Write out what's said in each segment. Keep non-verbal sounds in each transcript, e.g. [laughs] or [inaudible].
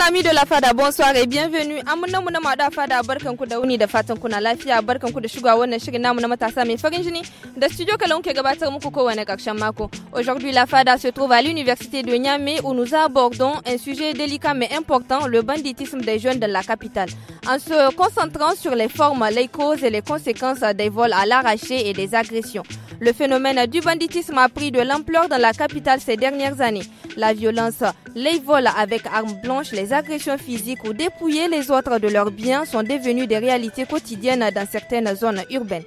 ami amis de la fada bonsoir et bienvenue amuna fada da fatan lafiya da wannan na matasa mai farin jini studio gabatar muku aujourd'hui la fada se trouve à l'université de Niamey où nous abordons un sujet délicat mais important le banditisme des jeunes de la capitale en se concentrant sur les formes les causes et les conséquences des vols à l'arraché et des agressions le phénomène du banditisme a pris de l'ampleur dans la capitale ces dernières années la violence les vols avec armes blanches les les agressions physiques ou dépouiller les autres de leurs biens sont devenues des réalités quotidiennes dans certaines zones urbaines.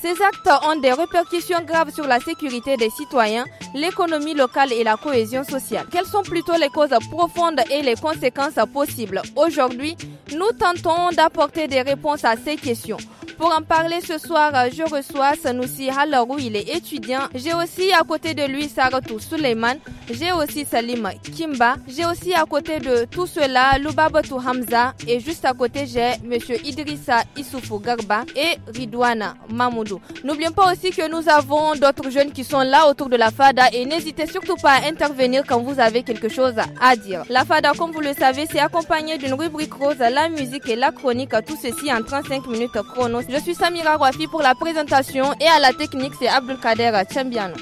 Ces actes ont des répercussions graves sur la sécurité des citoyens, l'économie locale et la cohésion sociale. Quelles sont plutôt les causes profondes et les conséquences possibles Aujourd'hui, nous tentons d'apporter des réponses à ces questions. Pour en parler ce soir, euh, je reçois Sanoussi Halarou, il est étudiant. J'ai aussi à côté de lui Saratou Suleiman. J'ai aussi Salim Kimba. J'ai aussi à côté de tout cela Lubabatou Hamza. Et juste à côté, j'ai Monsieur Idrissa Issoufou Garba et Ridwana Mamoudou. N'oublions pas aussi que nous avons d'autres jeunes qui sont là autour de la FADA et n'hésitez surtout pas à intervenir quand vous avez quelque chose à dire. La FADA, comme vous le savez, c'est accompagné d'une rubrique rose, la musique et la chronique. Tout ceci en 35 minutes chrono réponses. Je suis Samira Wafi pour la présentation et à la technique, c'est Abdulkader Chambiano.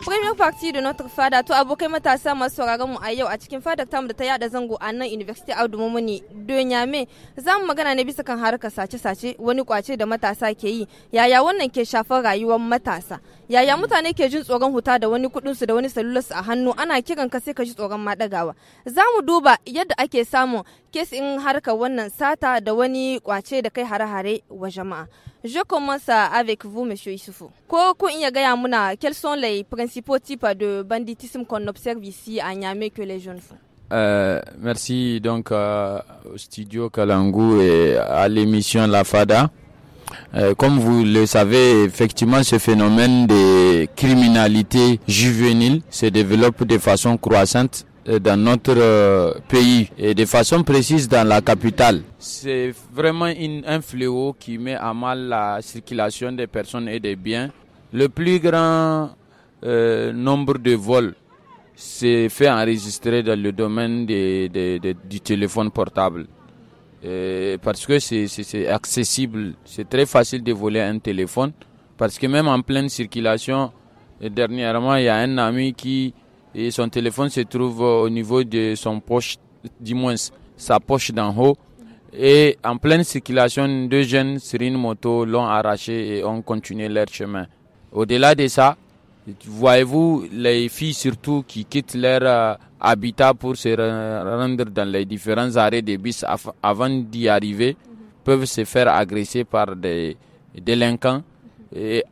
Première partie de notre fada to abokai matasa masu sauraron mu a yau a cikin fadar tamu da ta yada zango a nan University Audu Mumuni de Nyame za mu magana ne bisa kan harkar sace-sace wani kwace da matasa ke yi yaya wannan ke shafar rayuwar matasa yaya mutane ke jin tsoron huta da wani kudin su da wani salularsu a hannu ana kiran ka sai ka ji tsoron ma dagawa za mu duba yadda ake samun kes in harkar wannan sata da wani kwace da kai hare-hare wa jama'a je commence avec vous monsieur Issoufou ko kun ya gaya muna quels sont les principaux types de banditisme qu'on observe ici à Niamey que les jeunes font Euh, merci donc euh, au studio Kalangu et à l'émission La Fada. Euh, comme vous le savez, effectivement, ce phénomène de criminalité juvénile se développe de façon croissante euh, dans notre euh, pays et de façon précise dans la capitale. C'est vraiment un fléau qui met à mal la circulation des personnes et des biens. Le plus grand nombre de vols s'est fait enregistrer dans le domaine du téléphone portable. Euh, parce que c'est accessible, c'est très facile de voler un téléphone, parce que même en pleine circulation, euh, dernièrement, il y a un ami qui, et son téléphone se trouve euh, au niveau de son poche, du moins sa poche d'en haut, et en pleine circulation, deux jeunes sur une moto l'ont arraché et ont continué leur chemin. Au-delà de ça, voyez-vous, les filles surtout qui quittent leur habitat pour se rendre dans les différents arrêts de bus avant d'y arriver mhm. peuvent se faire agresser par des délinquants. Et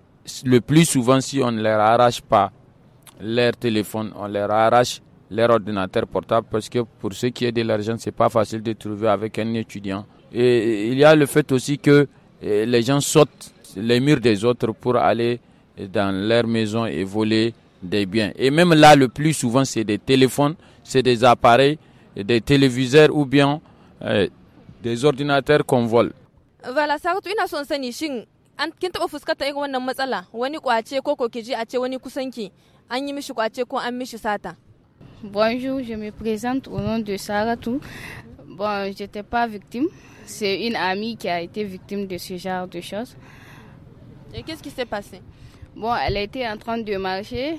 le plus souvent, si on ne leur arrache pas leur téléphone, on leur arrache leur ordinateur portable parce que pour ceux qui est de l'argent, c'est pas facile de trouver avec un étudiant. Et il y a le fait aussi que eh, les gens sautent les murs des autres pour aller dans leur maison et voler des biens. Et même là, le plus souvent, c'est des téléphones, c'est des appareils, des téléviseurs ou bien euh, des ordinateurs qu'on vole. Voilà, a Bonjour, je me présente au nom de Saratou. Bon, je n'étais pas victime. C'est une amie qui a été victime de ce genre de choses. Et qu'est-ce qui s'est passé Bon, elle était en train de marcher.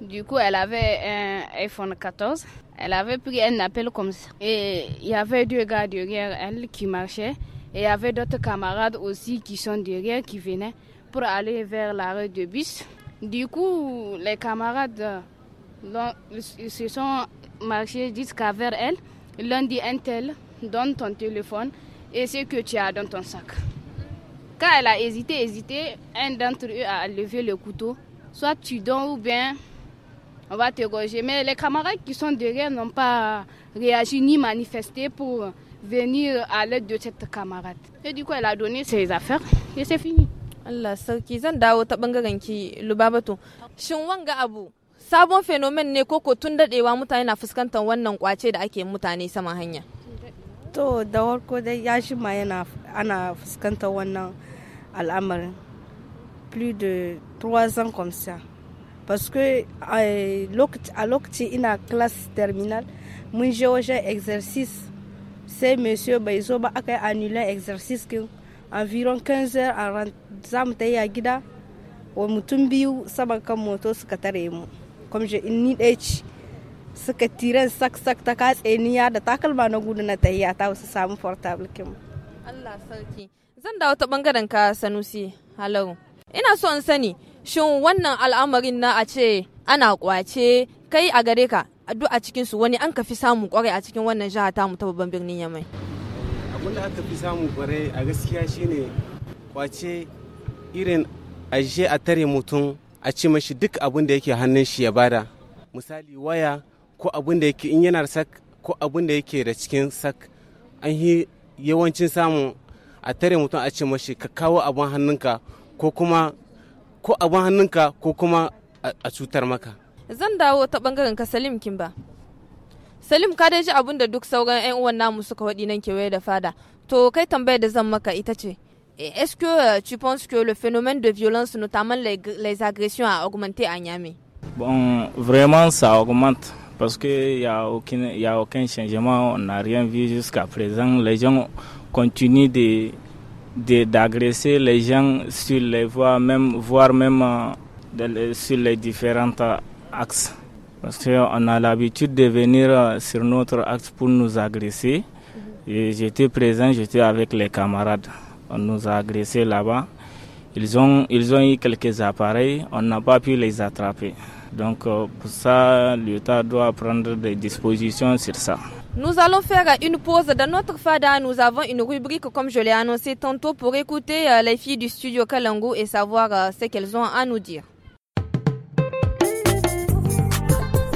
Du coup, elle avait un iPhone 14. Elle avait pris un appel comme ça. Et il y avait deux gars derrière elle qui marchaient. Et il y avait d'autres camarades aussi qui sont derrière, qui venaient pour aller vers la rue de bus. Du coup, les camarades se sont marchés jusqu'à vers elle. L'un dit un tel, donne ton téléphone et ce que tu as dans ton sac. Quand elle a hésité, hésité, un d'entre eux a levé le couteau. Soit tu donnes ou bien on va te Mais les camarades qui sont derrière n'ont pas réagi ni manifesté pour venir à l'aide de cette camarade. Et du coup, elle a donné ses affaires et c'est fini. Allah sarki zan dawo ta bangaren ki Lubabato. Shin wanga abu sabon fenomen ne koko tun dadewa mutane na fuskantar wannan kwace da To da ya shi Plus de trois ans comme ça. parce que a lokaci ina a terminal mun je wajen exercice sai monsieur bai zo ba aka annuler exercice que environ 15 heures za mu tayi a gida wa mutum biyu saman kan moto suka tare mu je in ni ɗaya ci suka tire sak sak ta katse ya da takalma na gudu na tahiya ta wasu samu portable kin Allah sarki zan dawo ta bangaren ka Sanusi halau ina so in sani shin wannan al'amarin na a ce ana kwace kai a gare ka duk a cikin su wani an ka fi samu kwarai a cikin wannan jiha tamu ta babban birnin yamai abin da aka fi samun kwarai a gaskiya shine kwace irin aje a tare mutum a ce mashi duk abin da yake hannun shi ya bada misali waya ko abin da yake in yana sak ko abin da yake da cikin sak an yi yawancin samun a tare mutum a ce mashi ka kawo abin hannunka ko kuma ko abin hannunka ko kuma a cutar maka zan dawo ta bangaren ka salim kimba salim ka dai ji abin da duk sauran 'yan uwan namu suka waɗi nan kewaye da fada to kai tambayar da zan maka ita ce eh, est-ce que euh, tu penses que le phénomène de violence notamment les, les agressions a augmenté à Niamey bon vraiment ça augmente parce qu'il n'y a, aucun, y a aucun changement, on n'a rien vu jusqu'à présent. Les gens continuent de, d'agresser les gens sur les voies, même, voire même euh, sur les différents euh, axes. Parce qu'on a l'habitude de venir euh, sur notre axe pour nous agresser. Mhm. J'étais présent, j'étais avec les camarades. On nous a agressés là-bas. Ils ont, ils ont eu quelques appareils, on n'a pas pu les attraper. Donc pour ça, l'État doit prendre des dispositions sur ça. Nous allons faire une pause dans notre fada. Nous avons une rubrique, comme je l'ai annoncé tantôt, pour écouter euh, les filles du studio Kalango et savoir euh, ce qu'elles ont à nous dire.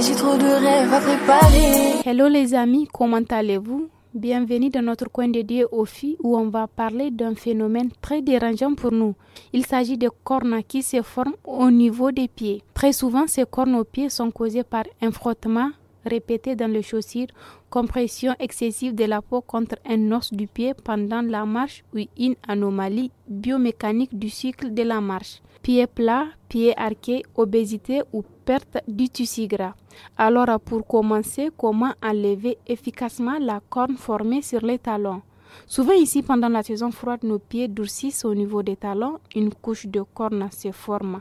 j'ai trop de rêves à préparer. Hello les amis, comment allez-vous Bienvenue dans notre coin dédié aux filles où on va parler d'un phénomène très dérangeant pour nous. Il s'agit de cornes qui se forment au niveau des pieds. Très souvent, ces cornes aux pieds sont causées par un frottement répété dans les chaussures, compression excessive de la peau contre un os du pied pendant la marche ou une anomalie biomécanique du cycle de la marche. Pied plats, pieds arqués, obésité ou perte du tissu gras. Alors pour commencer, comment enlever efficacement la corne formée sur les talons Souvent ici, pendant la saison froide, nos pieds durcissent au niveau des talons, une couche de corne se forme.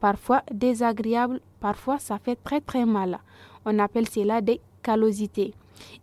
Parfois désagréable, parfois ça fait très très mal. On appelle cela des callosités.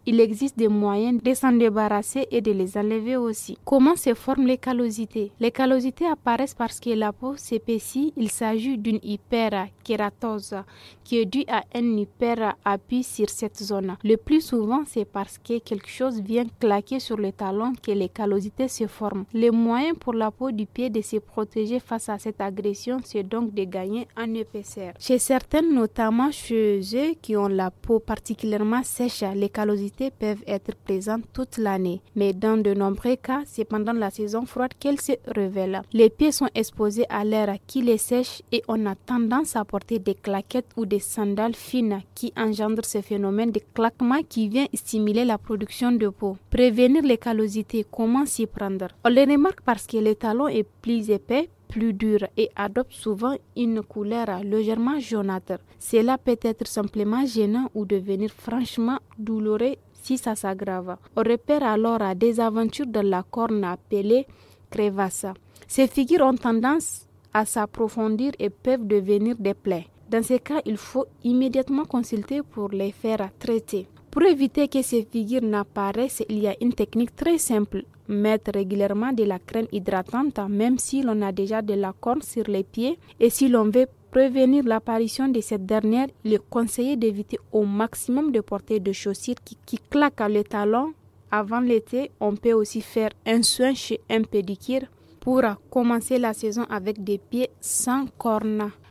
Il existe des moyens de s'en débarrasser et de les enlever aussi. Comment se forment les callosités Les callosités apparaissent parce que la peau s'épaissit. Il s'agit d'une hyperkératose qui est due à un hyper sur cette zone. Le plus souvent, c'est parce que quelque chose vient claquer sur le talon que les callosités se forment. Les moyens pour la peau du pied de se protéger face à cette agression, c'est donc de gagner en épaisseur. Chez certaines, notamment chez eux qui ont la peau particulièrement sèche, les callosités peuvent être présentes toute l'année, mais dans de nombreux cas, c'est pendant la saison froide qu'elles se révèlent. Les pieds sont exposés à l'air qui les sèche et on a tendance à porter des claquettes ou des sandales fines qui engendrent ce phénomène de claquement qui vient stimuler la production de peau. Prévenir les callosités, comment s'y prendre On les remarque parce que le talon est plus épais, plus dure et adopte souvent une couleur légèrement jaunâtre. Cela peut être simplement gênant ou devenir franchement douloureux si ça s'aggrave. On repère alors à des aventures de la corne appelée crevasse. Ces figures ont tendance à s'approfondir et peuvent devenir des plaies. Dans ces cas, il faut immédiatement consulter pour les faire traiter. Pour éviter que ces figures n'apparaissent, il y a une technique très simple. Mettre régulièrement de la crème hydratante, même si l'on a déjà de la corne sur les pieds. Et si l'on veut prévenir l'apparition de cette dernière, il est conseillé d'éviter au maximum de porter des chaussures qui, claquent à l'étalon. Avant l'été, on peut aussi faire un soin chez un pédicure pour commencer la saison avec des pieds sans corne.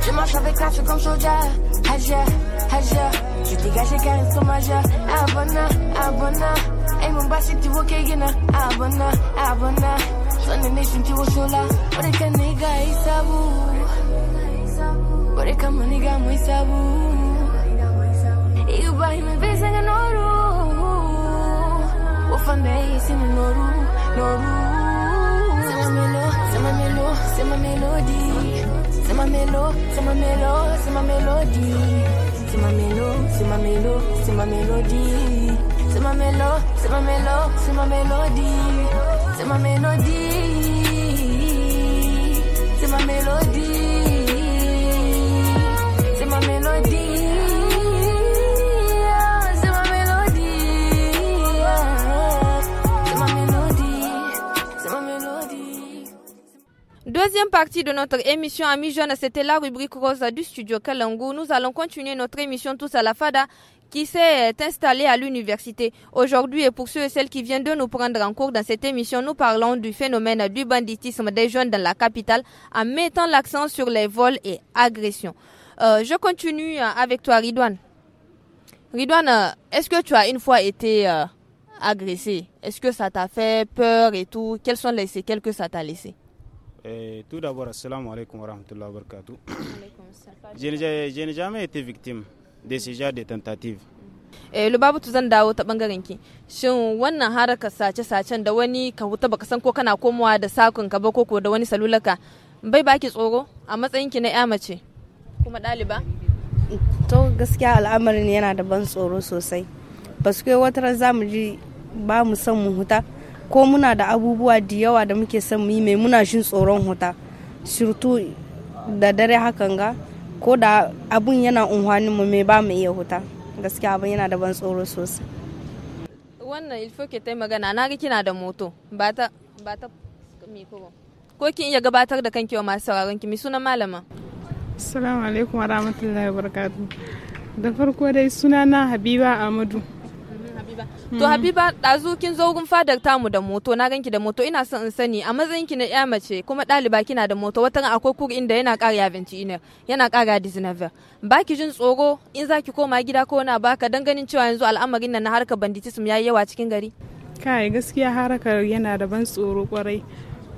je marche avec la comme soja, Raja, Raja. je dégage car ils sont majeurs. Abonna, Abonna, et mon bas tu vois Abonna, Abonna, tu vois chola. Pour les sabu, ils savent. Pour les nigga, moi ils Et me C'est ma mélo, c'est ma mélo, c'est ma mélodie. C'est ma mélo, c'est ma mélo, c'est ma mélodie. C'est ma mélo, c'est ma mélo, c'est ma mélodie. C'est ma mélodie. C'est ma mélodie. Deuxième partie de notre émission Amis Jeunes, c'était la rubrique rose du studio Kalangu. Nous allons continuer notre émission tous à la FADA qui s'est installée à l'université. Aujourd'hui, et pour ceux et celles qui viennent de nous prendre en cours dans cette émission, nous parlons du phénomène du banditisme des jeunes dans la capitale en mettant l'accent sur les vols et agressions. Euh, je continue avec toi, Ridouane. Ridouane, est-ce que tu as une fois été euh, agressé Est-ce que ça t'a fait peur et tout Quels sont les séquelles que ça t'a laissé Eh, tout d'abord, assalamu alaikum wa rahmatullahi wa barakatuh. Je n'ai jamais été victime de ce genre de tentative eh lubabatu zan dawo ta bangaren ki shin wannan haraka sace sacen da wani ka huta baka san ko kana komowa da sakun ka ba koko da wani salulaka bai baki tsoro a matsayin ki na ya mace kuma ɗaliba to gaskiya al'amarin yana da ban tsoro sosai basu kai wata ran zamu ji ba mu san mu huta ko muna da abubuwa da yawa da muke son mu yi mai muna shin tsoron huta surtu da dare hakan ga ko da abun yana unhwanin mu mai ba mu iya huta gaskiya abun yana da ban tsoro sosai wannan ilfo ke ta magana na ga kina da moto ba ta ba ta ko kin iya gabatar da kanki wa masu sauraron ki mi sunan malama assalamu alaikum wa rahmatullahi wa da farko dai sunana habiba amadu Habiba. To hmm. Habiba ɗazu kin zo gun fadar tamu da moto na ganki da moto ina son in sani a matsayin ki na ƴa mace kuma ɗaliba kina da moto watan akwai kuri inda yana ƙara yabinci ina yana ƙara disnavel. Ba ki jin tsoro in za ki koma gida ko na baka dan ganin cewa yanzu al'amarin nan na harkar banditism yayi yawa cikin gari. Kai gaskiya harakar yana da ban tsoro kwarai.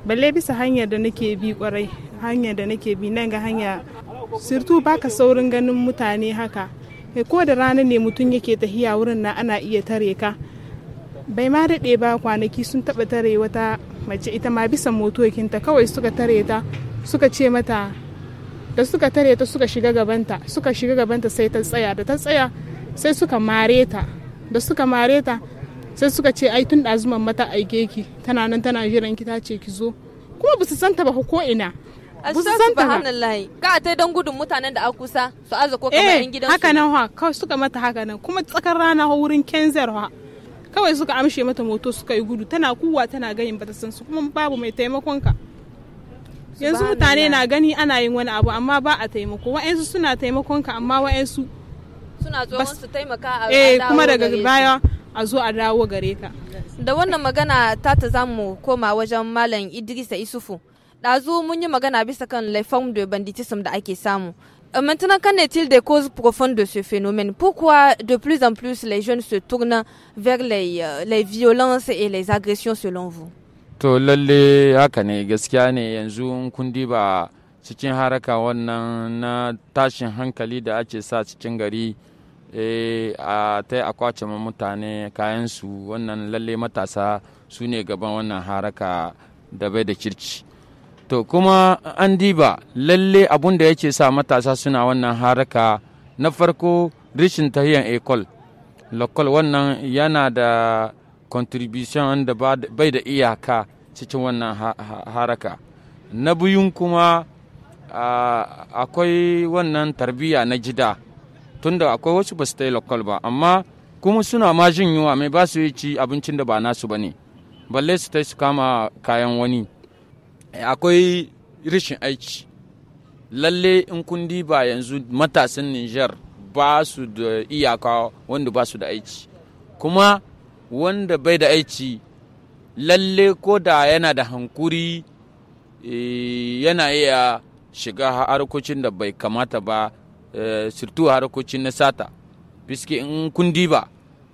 Balle bisa hanyar da nake bi kwarai hanyar da nake bi nan ga hanya sirtu baka saurin ganin mutane haka Eh, ko da rana ne mutum yake tahiya wurin na ana iya tare ka bai ma daɗe ba kwanaki sun taɓa tare wata mace ita ma bisa motokinta kawai suka tare ta suka ce mata da suka tare ta suka shiga gabanta suka shiga gabanta sai ta tsaya da ta tsaya sai suka mare ta da suka mare ta sai suka ce ai tun ɗazuman mata aike ki tana nan tana jiran ki ta ce ki zo kuma ba su santa ba ko ina ba su san ta ga ta dan gudun mutanen da a kusa su aza ko kamar eh, yan gidansu haka nan ha kawai suka mata haka nan kuma tsakar rana wurin kenzer ha kawai suka amshe mata moto suka yi gudu tana kuwa tana gayin bata san su kuma babu mai taimakon ka yanzu mutane na gani ana yin wani abu amma ba a taimako wa'ansu suna taimakon ka amma wa'ansu suna tsohon su taimaka a eh kuma daga baya a zo a dawo gare ka da wannan magana ta ta zamu koma wajen malam Idrisa Isufu Ɗazu mun yi magana bisa kan le formes de banditisme da ake samu. Euh, maintenant, qu'en est-il des causes profondes de ce phénomène Pourquoi de plus en plus les jeunes se tournent vers les, euh, les violences et les agressions selon vous To lalle haka ne gaskiya ne yanzu kundi kun ba cikin haraka wannan na tashin hankali da ake sa cikin gari eh, a ta a kwace mutane kayansu wannan lalle matasa su ne gaban wannan haraka da bai da kirci. to kuma an diba lalle abun da yake sa matasa suna wannan haraka na farko rishin tahiyan ekol lokal wannan yana da contribution da bai da iyaka cikin wannan haraka na biyun kuma akwai wannan tarbiyya na gida tunda akwai wasu ba su ta yi lokal ba amma kuma suna ma jin yunwa mai ba su yi ci abincin da ba nasu ba ne balle su ta su kama kayan wani Eh, akwai rashin aiki lalle in kun diba yanzu matasan Nijar ba su da iyaka wanda ba su da aiki kuma wanda bai da aiki lalle ko da yana da hankuri eh, yana iya shiga harkokin da bai kamata ba eh, sirtu harkokin na sata biski in kun diba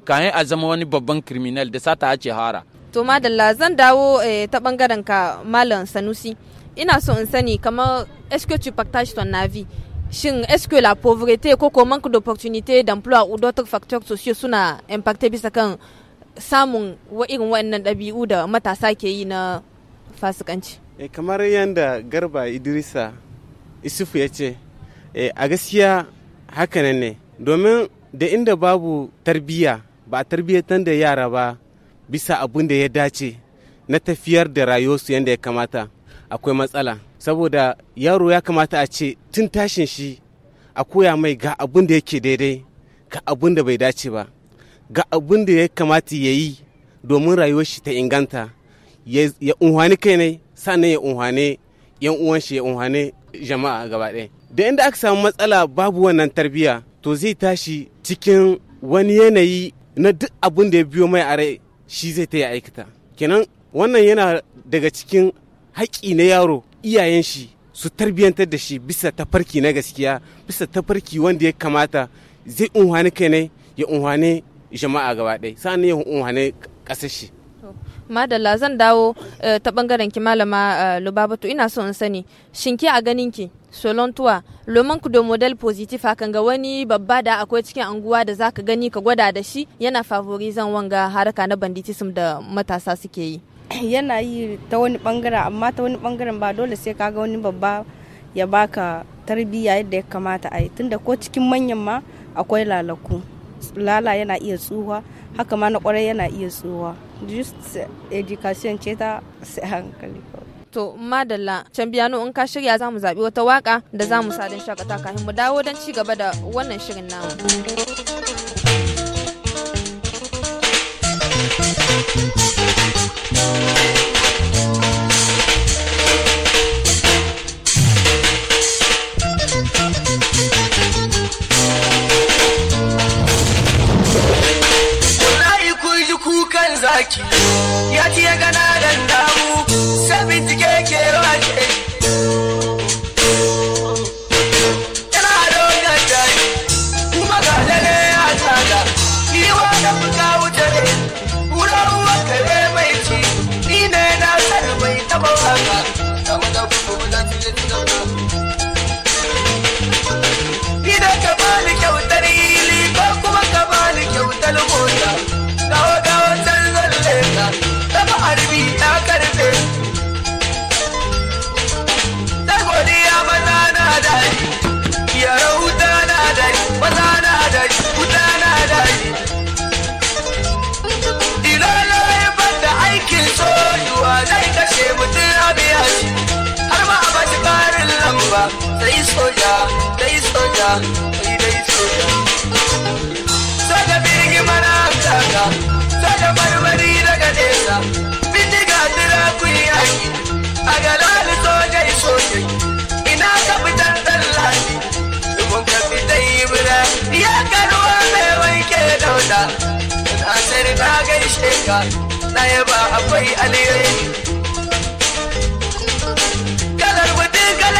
kayan a zama wani babban kriminal da sata ce hara to madalla zan dawo eh, ta bangaren ka malam sanusi ina so in sani kamar est-ce que ton shin est la pauvreté ko ko manque d'opportunité d'emploi ou d'autres facteurs sociaux suna impacté bisa kan samun wa irin waɗannan ɗabi'u da matasa ke yi na fasikanci e, kamar yanda garba idrisa isufu ya ce eh, a gaskiya hakanan ne domin da inda babu tarbiyya ba a tarbiyyatar da yara ba bisa abin da ya dace na tafiyar da rayuwarsu yadda ya kamata akwai matsala saboda yaro ya kamata a ce tun tashin shi a koya mai ga abin da yake daidai ga abin da bai dace ba ga abin da ya kamata ya yi domin rayuwar shi ta inganta ya unhwani kai ne sannan ya unhwane yan uwan shi ya unhwane jama'a gaba ɗaya da inda aka samu matsala babu wannan tarbiyya to zai tashi cikin wani yanayi na duk abin da ya biyo mai a rai shi zai ta yi aikata kenan wannan yana daga cikin haƙƙi na yaro iyayen shi su tarbiyyantar da shi bisa tafarki na gaskiya bisa tafarki wanda ya kamata zai unhwani kai ne ya unhwani jama'a gaba ɗaya sa'an ya unhwani ƙasashe. madalla zan dawo eh, ta bangaren ki malama eh, lubabatu ina so in sani shin a ganin ki solon tuwa loman ku da model positif kan ga wani babba da akwai cikin anguwa da zaka gani ka gwada da shi yana favorizan wanga haraka na banditism da matasa suke yi [clears throat] yana yi ta wani bangaren amma ta wani bangaren ba dole sai ka ga wani babba ya baka tarbiyya yadda ya kamata a yi tunda ko cikin manyan ma akwai lalaku lala yana iya tsuwa haka ma na kwarai yana iya tsuwa just education ce ta sai hankali to madalla can biya in ka shirya za mu zaɓi wata waka da za mu sadin shakata kafin mu dawo don ci gaba da wannan shirin namu Thank you. like you. Yeah, yeah, gonna ya har ma a bashi lamba sai soja sai soja sai dai soja soja birgi mana saka soja marmari daga nesa bindiga tira ku yaki a galali soja soja ina ka fitar tallafi dubun ka yi ibra ya karuwa mai wanke dauda na sarka gaishe ka na yaba akwai alheri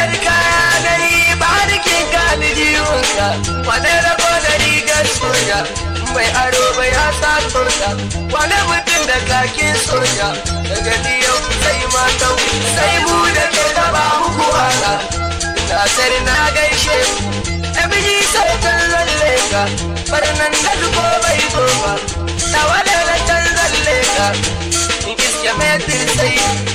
Jar kaya na yi ba harkin gani jiwonsa, wane rago da rigar soja, mai aro bai sa soja, wane mutum da kakin soja, daga yau sai matan sai mu da ke taba muku hana. Nasar na gaishe ku, ta biji sai kallon leka, da bai goma, tawa da na canzan lega in iske metin sai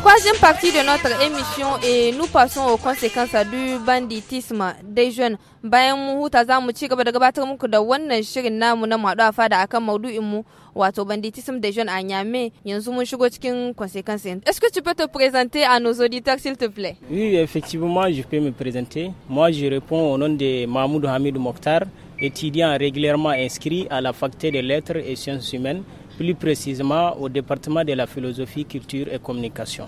Troisième partie de notre émission et nous passons aux conséquences du banditisme des jeunes. Est-ce que tu peux te présenter à nos auditeurs s'il te plaît? Oui, effectivement, je peux me présenter. Moi, je réponds au nom de Mahmoud Hamid Mokhtar étudiant régulièrement inscrit à la faculté des lettres et sciences humaines, plus précisément au département de la philosophie, culture et communication.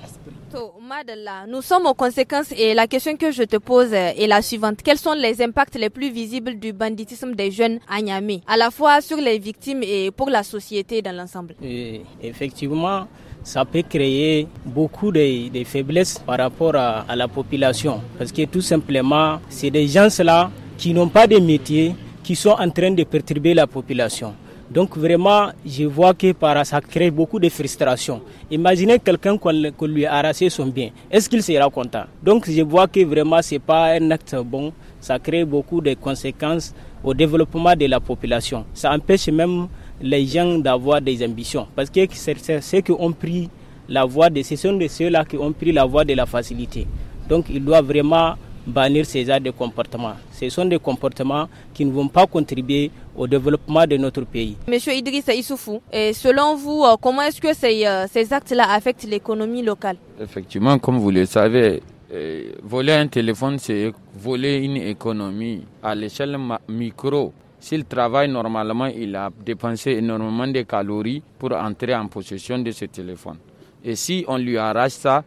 Nous sommes aux conséquences et la question que je te pose est la suivante. Quels sont les impacts les plus visibles du banditisme des jeunes à Niamey, à la fois sur les victimes et pour la société dans l'ensemble euh, Effectivement, ça peut créer beaucoup de, faiblesses par rapport à, la population. Parce que tout simplement, c'est des gens-là qui n'ont pas de métier, qui sont en train de perturber la population. Donc vraiment, je vois que par ça crée beaucoup de frustration. Imaginez quelqu'un qu'on lui a arraché son bien. Est-ce qu'il sera content Donc je vois que vraiment, ce n'est pas un acte bon. Ça crée beaucoup de conséquences au développement de la population. Ça empêche même les gens d'avoir des ambitions. Parce que c'est ceux qui ont pris la voie de... de ceux-là qui ont pris la voie de la facilité. Donc il doit vraiment bannir ces actes de comportement. Ce sont des comportements qui ne vont pas contribuer au développement de notre pays. Monsieur Idrissa Issoufou, et selon vous, euh, comment est-ce que ces, euh, ces actes-là affectent l'économie locale Effectivement, comme vous le savez, euh, voler un téléphone, c'est voler une économie à l'échelle micro. S'il travaille normalement, il a dépensé énormément de calories pour entrer en possession de ce téléphone. Et si on lui arrache ça,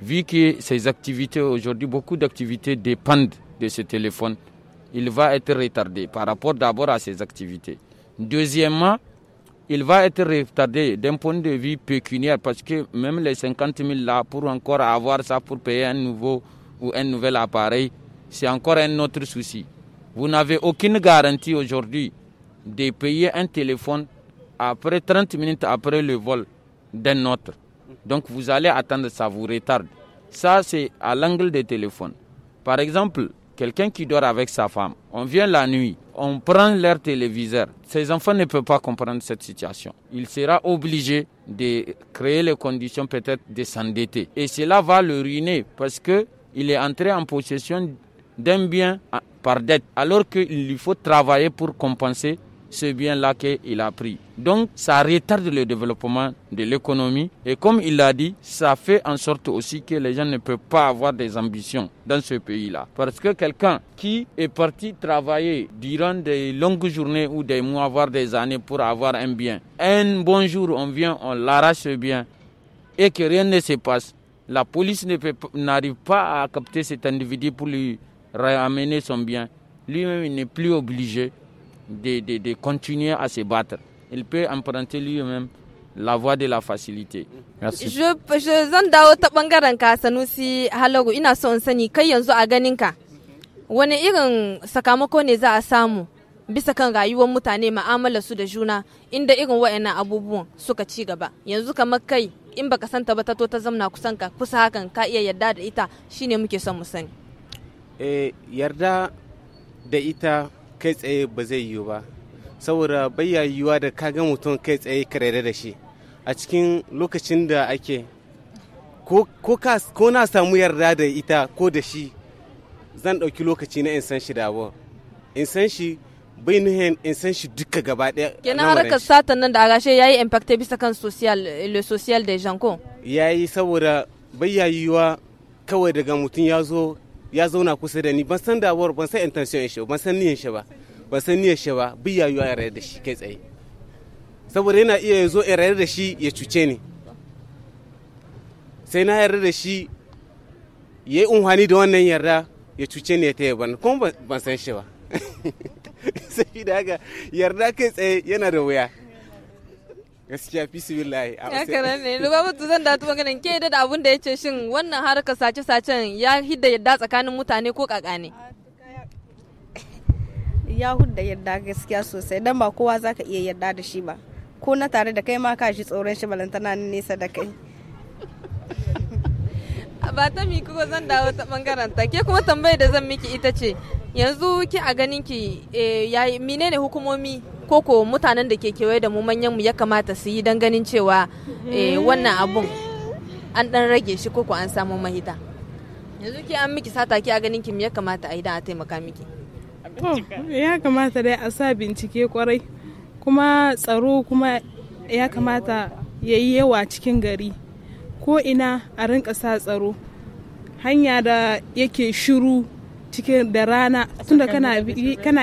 vu que ces activités aujourd'hui, beaucoup d'activités dépendent de ce téléphone, il va être retardé par rapport d'abord à ses activités. Deuxièmement, il va être retardé d'un point de vue pécuniaire parce que même les 50 000 là, pour encore avoir ça, pour payer un nouveau ou un nouvel appareil, c'est encore un autre souci. Vous n'avez aucune garantie aujourd'hui de payer un téléphone après 30 minutes après le vol d'un autre. Donc vous allez attendre, ça vous retarde. Ça, c'est à l'angle des téléphones. Par exemple, quelqu'un qui dort avec sa femme, on vient la nuit, on prend leur téléviseur. Ses enfants ne peuvent pas comprendre cette situation. Il sera obligé de créer les conditions peut-être de s'endetter. Et cela va le ruiner parce qu'il est entré en possession d'un bien ah, par dette, alors qu'il lui faut travailler pour compenser ce bien-là qu'il a pris. Donc, ça retarde le développement de l'économie. Et comme il l'a dit, ça fait en sorte aussi que les gens ne peuvent pas avoir des ambitions dans ce pays-là. Parce que quelqu'un qui est parti travailler durant des longues journées ou des mois, voire des années pour avoir un bien, un bon jour, on vient, on l'arrache ce bien et que rien ne se passe. La police n'arrive pas à capter cet individu pour lui ramener son bien. Lui-même, n'est plus obligé de, de, de continuer à se battre. Il peut emprunter lui-même la voie de la facilité. Merci. zan dawo ta bangaren ka Sanusi ina so in sani kai yanzu a ganin ka wani irin sakamako ne za a samu bisa kan rayuwar mutane ma'amalar su da juna inda irin wa'annan abubuwan suka ci gaba yanzu kamar kai in baka santa ba ta to ta zamna kusan ka kusa hakan ka iya yarda da ita shine muke son mu sani. Eh yarda da ita kai tsaye ba zai yiwu ba saboda bayya yiwuwa da ka ga mutum kai tsaye karere da shi a cikin lokacin da ake ko na samu yarda da ita ko da shi zan ɗauki lokaci na in san shi da abu in san shi bai nuhin in san shi duka gaba ɗaya kenan harkar satan nan da agashe yayi impacte bisa kan social le social de janko yayi saboda bayya yiwuwa kawai daga mutum ya zo ya zauna kusa da ni ban san dawar ban san intention shi ban san niyan shi ba ban san niyan shi ba bi ya yiwa yarayar da shi kai tsaye saboda yana iya ya zo yarayar da shi ya cuce ni sai na yarda da shi ya yi unhani da wannan yarda ya cuce ni ya taya ban kuma ban san shi ba [laughs] sai da haka yarda kai tsaye yana da wuya gaskiya fi su billahi ya kare ne lubaba mutu zan da tu maganin ke da abun da ya ce shin wannan harkar sace sacen ya hidda yadda tsakanin mutane ko kaka ne ya hudda yadda gaskiya sosai dan ba kowa zaka iya yadda da shi ba ko na tare da kai ma ka shi tsoron shi balantana nesa da kai [laughs] ba ta mi kuma zan dawo ta bangaren ta ke kuma tambayar da zan miki ita ce yanzu ki a ganin ki eh, yayi menene hukumomi koko mutanen da ke kewaye da mu manyan mu ya kamata su yi ganin cewa eh, wannan abun an dan rage shi koko an samu mahita yanzu ki an miki sata ki a ganin ki ya kamata a yi a taimaka miki oh, ya kamata dai a sa bincike kwarai kuma tsaro kuma ya kamata ya yi yawa cikin gari ko ina a rinka sa tsaro hanya da yake shiru cikin da rana tunda kana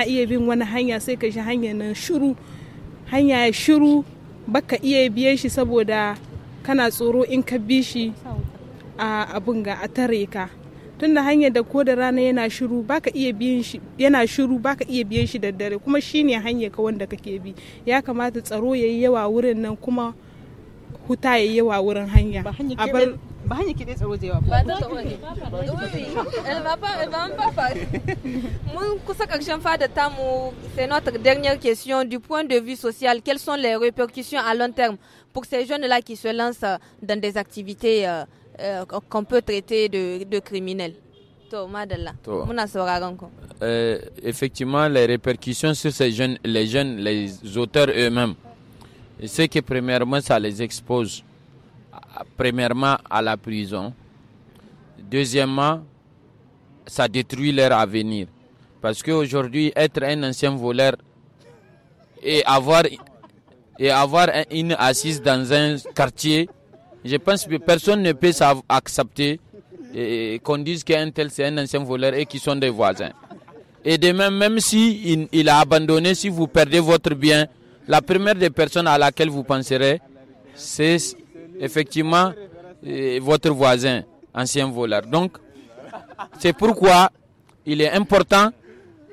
iya bin wani hanya sai ka shi hanyar nan shiru hanya ya shiru baka iya biye shi saboda kana tsoro in ka bi shi a abin ga a tare ka tunda hanyar da ko da rana yana shiru baka iya biyan shi yana kuma shi da dare kuma shine hanyar ka wanda kake bi ya kamata tsaro yayi yawa wurin nan kuma huta yayi yawa wurin hanya c'est notre dernière question du point de vue social quelles sont les répercussions à long terme pour ces jeunes là qui se lancent euh, dans des activités euh, euh, qu'on peut traiter de, criminels effectivement, les répercussions sur ces jeunes, les jeunes, les auteurs eux-mêmes, c'est que premièrement, ça les expose premièrement à la prison, deuxièmement, ça détruit leur avenir. Parce qu'aujourd'hui, être un ancien voleur et avoir, et avoir une assise dans un quartier, je pense que personne ne peut accepter qu'on dise qu'un tel c'est un ancien voleur et qu'ils sont des voisins. Et de même, même si a abandonné, si vous perdez votre bien, la première des personnes à laquelle vous penserez, c'est effectivement votre voisin, ancien voleur. Donc, c'est pourquoi il est important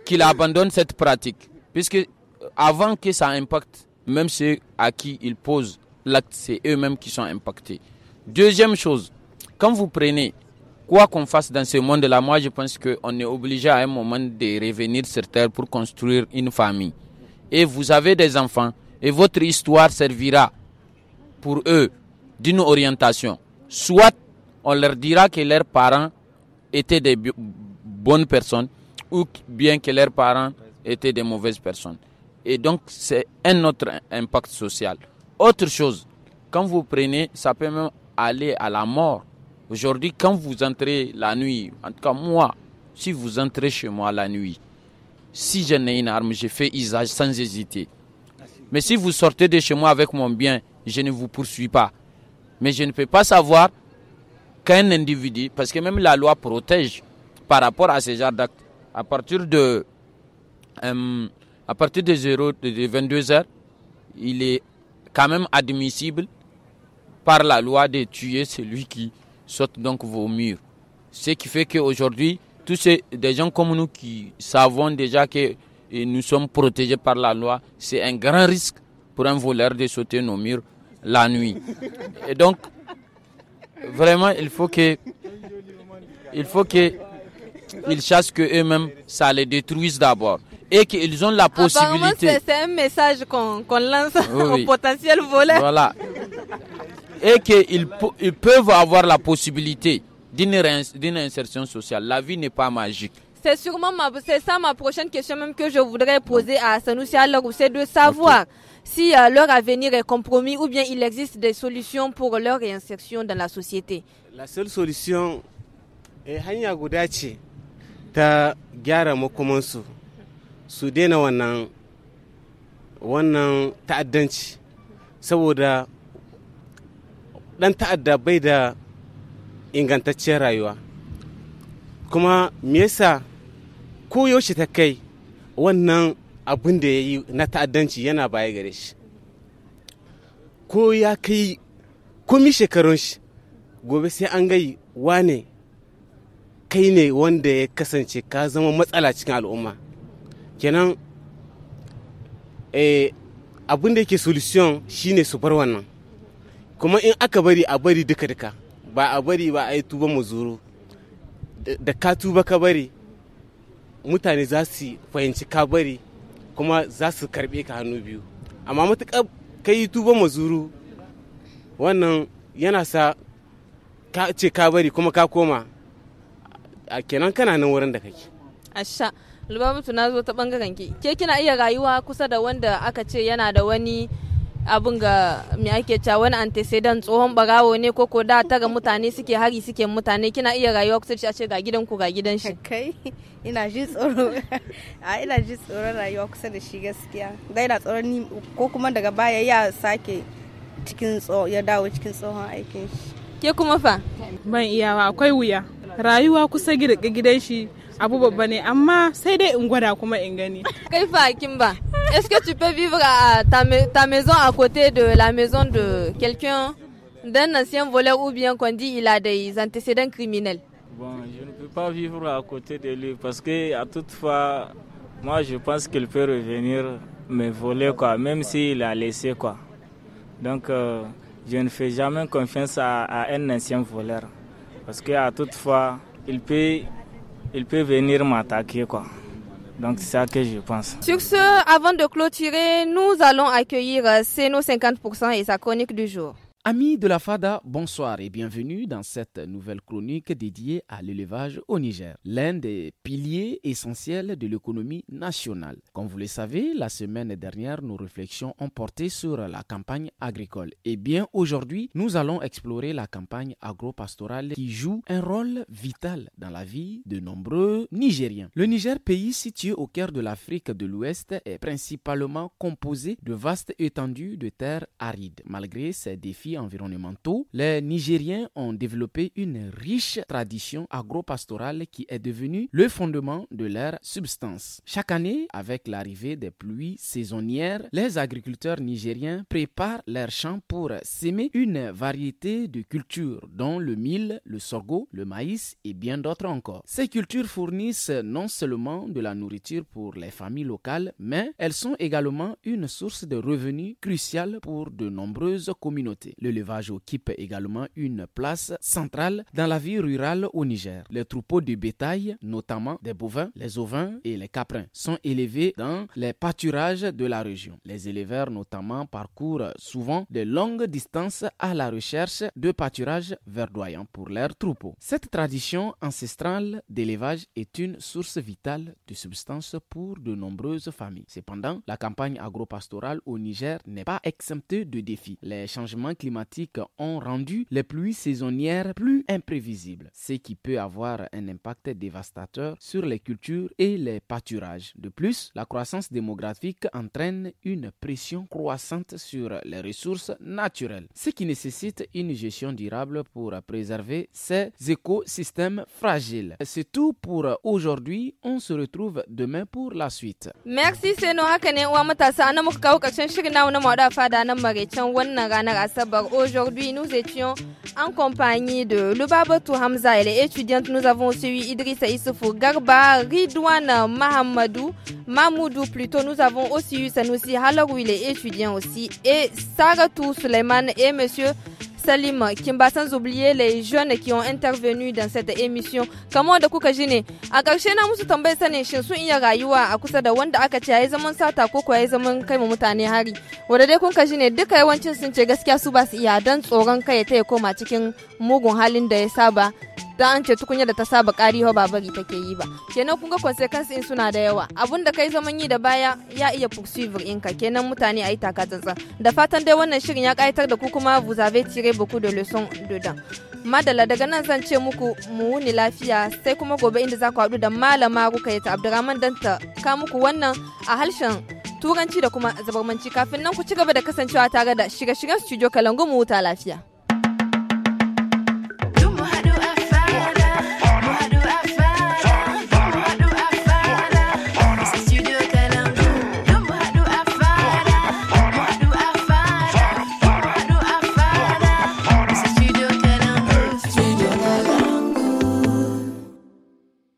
qu'il abandonne cette pratique, puisque avant que ça impacte, même ceux à qui il pose l'acte, c'est eux-mêmes qui sont impactés. Deuxième chose, quand vous prenez quoi qu'on fasse dans ce monde-là, moi je pense qu'on est obligé à un moment de revenir sur Terre pour construire une famille. Et vous avez des enfants, et votre histoire servira pour eux d'une orientation. Soit on leur dira que leurs parents étaient des bonnes personnes ou bien que leurs parents étaient des mauvaises personnes. Et donc, c'est un autre impact social. Autre chose, quand vous prenez, ça peut même aller à la mort. Aujourd'hui, quand vous entrez la nuit, en tout cas moi, si vous entrez chez moi la nuit, si je n'ai une arme, je fais usage sans hésiter. Mais si vous sortez de chez moi avec mon bien, je ne vous poursuis pas. Mais je ne peux pas savoir qu'un individu, parce que même la loi protège par rapport à ces genre d'actes, à partir de, euh, à partir de, 0, 22 h il est quand même admissible par la loi de tuer celui qui saute donc vos murs. Ce qui fait qu'aujourd'hui, tous ces des gens comme nous qui savons déjà que euh, nous sommes protégés par la loi, c'est un grand risque pour un voleur de sauter nos murs la nuit. Et donc, vraiment, il faut que, il faut que ils sachent que eux-mêmes, ça les détruise d'abord. Et qu'ils ont la possibilité. C'est un message qu'on lance [laughs] au potentiel voleur. Voilà. Et qu'ils peuvent avoir la possibilité d'une insertion sociale. La vie n'est pas magique. C'est sûrement ma, c'est ça ma prochaine question même que je voudrais poser à Sanoussi alors c'est de savoir si euh, leur avenir est compromis ou bien il existe des solutions pour leur réinsertion dans la société La seule solution est hanya guda ce ta gyara makomansu su daina wannan wannan ta'addanci saboda dan ta'adda bai da ingantacciyar rayuwa kuma me yasa koyaushe ta kai wannan abin da ya yi na ta'addanci yana baya gare shi ko ya kai komi shekarun shi gobe sai an gai wane kai ne wanda ya kasance ka zama matsala cikin al'umma kenan eh, abin da yake solution shine su bar wannan kuma in aka bari a bari duka-duka ba a bari ba a yi tuba mu zuru da ka tuba ka bari mutane za su fahimci ka bari kuma za su karɓe ka hannu biyu amma matuƙar yi tuba mazuru wannan yana sa ka ce ka bari kuma ka koma a kenan kana nan wurin da kake asha lubabatu na zo ta bangaren ke kina iya rayuwa kusa da wanda aka ce yana da wani abin ga me ake cewa wani antecedent tsohon barawo ne ko ko da ta ga mutane suke hari suke mutane kina iya rayuwa ku ce ga gidan ku ga gidan shi kai ina ji tsoro [laughs] a ina ji tsoro rayuwa kusa da shi gaskiya da ina tsoro ni ko kuma daga baya ya sake cikin ya dawo cikin tsohon aikin shi ke kuma fa ban iyawa akwai wuya rayuwa kusa girka gidan shi est-ce que tu peux vivre à ta, ta maison à côté de la maison de quelqu'un d'un ancien voleur ou bien qu'on dit il a des antécédents criminels Bon, je ne peux pas vivre à côté de lui parce que à toute fois, moi je pense qu'il peut revenir me voler quoi, même s'il a laissé quoi. Donc euh, je ne fais jamais confiance à, à un ancien voleur parce que à toute fois, il peut il peut venir m'attaquer quoi. Donc c'est ça que je pense. Sur ce, avant de clôturer, nous allons accueillir euh, Seno 50% et sa chronique du jour. Amis de la FADA, bonsoir et bienvenue dans cette nouvelle chronique dédiée à l'élevage au Niger, l'un des piliers essentiels de l'économie nationale. Comme vous le savez, la semaine dernière, nos réflexions ont porté sur la campagne agricole. Et eh bien aujourd'hui, nous allons explorer la campagne agro-pastorale qui joue un rôle vital dans la vie de nombreux Nigériens. Le Niger, pays situé au cœur de l'Afrique de l'Ouest, est principalement composé de vastes étendues de terres arides. Malgré ses défis environnementaux, les Nigériens ont développé une riche tradition agropastorale qui est devenue le fondement de leur substance. Chaque année, avec l'arrivée des pluies saisonnières, les agriculteurs nigériens préparent leurs champs pour s'aimer une variété de cultures, dont le mil, le sorgho, le maïs et bien d'autres encore. Ces cultures fournissent non seulement de la nourriture pour les familles locales, mais elles sont également une source de revenus cruciale pour de nombreuses communautés. L'élevage occupe également une place centrale dans la vie rurale au Niger. Les troupeaux de bétail, notamment des bovins, les ovins et les caprins, sont élevés dans les pâturages de la région. Les éleveurs notamment parcourent souvent de longues distances à la recherche de pâturages verdoyants pour leurs troupeaux. Cette tradition ancestrale d'élevage est une source vitale de substances pour de nombreuses familles. Cependant, la campagne agropastorale au Niger n'est pas exemptée de défis. Les changements climatiques ont rendu les pluies saisonnières plus imprévisibles, ce qui peut avoir un impact dévastateur sur les cultures et les pâturages. De plus, la croissance démographique entraîne une pression croissante sur les ressources naturelles, ce qui nécessite une gestion durable pour préserver ces écosystèmes fragiles. C'est tout pour aujourd'hui. On se retrouve demain pour la suite. Merci Aujourd'hui, nous étions en compagnie de Lubabatou Hamza, et les étudiantes Nous avons aussi eu Idrissa Issoufou Garba, Ridouane Mahamadou, Mamoudou plutôt. Nous avons aussi eu Sanoussi Halaroui, les étudiants aussi, et Saratou Suleiman et Monsieur Salim Kimba sans oublier les jeunes qui ont intervenu dans cette émission kamar da kuka ji ne a ƙarshe na musu tambayar sanin shin sun iya rayuwa a kusa da wanda aka ce yayi zaman sata ko kuwa yayi zaman kai mu mutane hari wanda dai kuka ji ne duka yawancin sun ce gaskiya su ba su iya dan tsoron kai ta ya koma cikin mugun halin da ya saba dan an ce tukunya da ta saba ƙari ba bari take yi ba kenan kun ga consequence in suna da yawa abun da kai zaman yi da baya ya iya pursuivre in ka kenan mutane a ayi taka tsantsan da fatan dai wannan shirin ya ƙayatar da ku kuma vous avez tiré beaucoup de leçons dedans madala daga nan zan ce muku mu wuni lafiya sai kuma gobe inda za ku haɗu da malama rukayeta abdurrahman dan ta ka muku wannan a harshen turanci da kuma zabarmanci kafin nan ku ci gaba da kasancewa tare da shirye-shiryen studio kalangu mu huta lafiya